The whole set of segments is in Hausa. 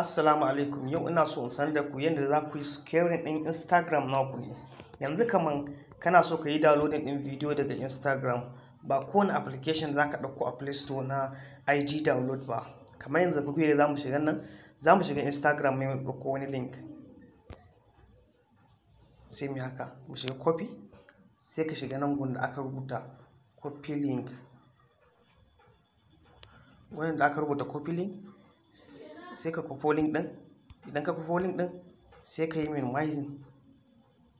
assalamu alaikum yau ina so san da ku yadda za ku yi securing ɗin instagram naku ne yanzu kaman kana so ka yi downloading ɗin video daga instagram ba kowane application za ka ɗauko a play store na ig download ba kamar yanzu ku da za mu shiga nan za mu shiga instagram mai ɗauko wani link sai mu haka mu shiga copy sai ka shiga nan gun da aka rubuta copy link gurin da aka rubuta copy link sai ka kwafo link ɗin idan ka kwafo link ɗin sai ka yi minimizing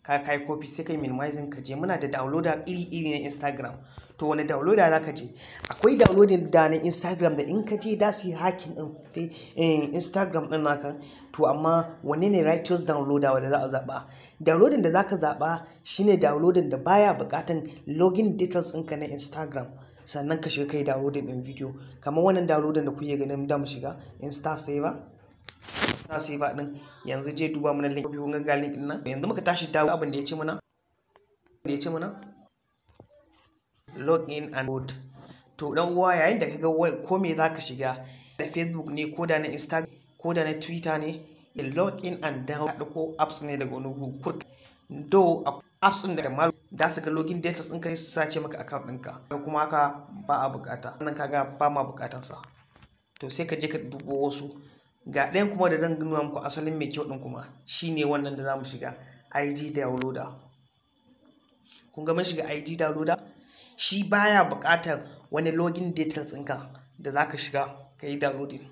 ka kai kofi sai ka yi minimizing ka je muna da downloader iri-iri na instagram to wani downloader za ka je akwai downloading da na instagram da in ka je da su yi hacking ɗin eh, instagram ɗin naka to amma wani ne righteous downloader wanda za a zaɓa downloading da za ka zaɓa shine downloading da baya buƙatan login details ɗinka na instagram sannan ka shiga kai downloading din video kamar wannan downloading da kuke ganin da mu shiga insta saver insta saver din yanzu je duba mana link kun ga link din nan yanzu muka tashi dawo abin da ya ce mana da ya ce mana login and load to dan uwa yayin da kaga ko me zaka shiga da facebook ne ko da na instagram ko da na twitter ne in login and download ko apps ne daga wani gurkur do apps ɗin da mal da su ga login data ɗin kai su sace maka account ɗinka ko kuma haka ba a bukata ka kaga ba ma bukatan sa to sai ka je ka dubo wasu ga ɗayan kuma da zan nuna muku asalin mai kyau ɗin kuma shine wannan da zamu shiga id downloader kun ga mun shiga id downloader shi baya bukatar wani login details ɗinka da zaka shiga kayi downloading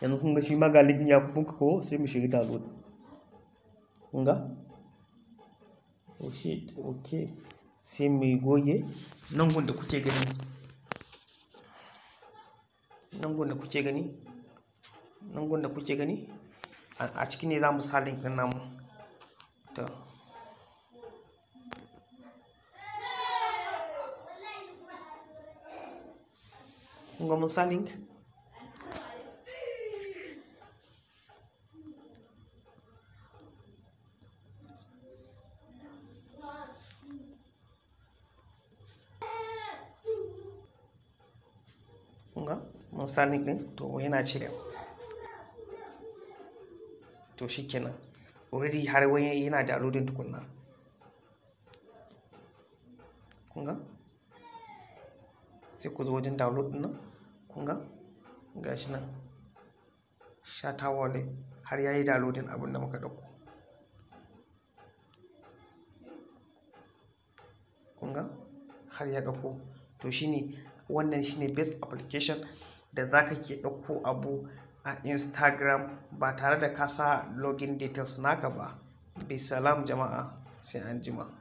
yanzu kun ga shi ma ga linkin ya kuka ko sai mu shiga lodi kun ga oh shit okay sai mu goge nan gun da kuke gani nan gun da kuke gani nan gun kuke gani a ciki ne za mu sa link ɗin namu to kun ga mun sa link ba mun sa link din to yana cire to kenan already har wani yana da loading tukunna kun ga sai ku zo wajen download din nan kun ga gashi nan shata wallet har yayi downloading abin da muka dauko kun ga har ya dauko to shine wannan shine best application da zaka ke ɗauko abu a instagram ba tare da kasa sa login details naka ba bisalam jama'a sai anjima. jima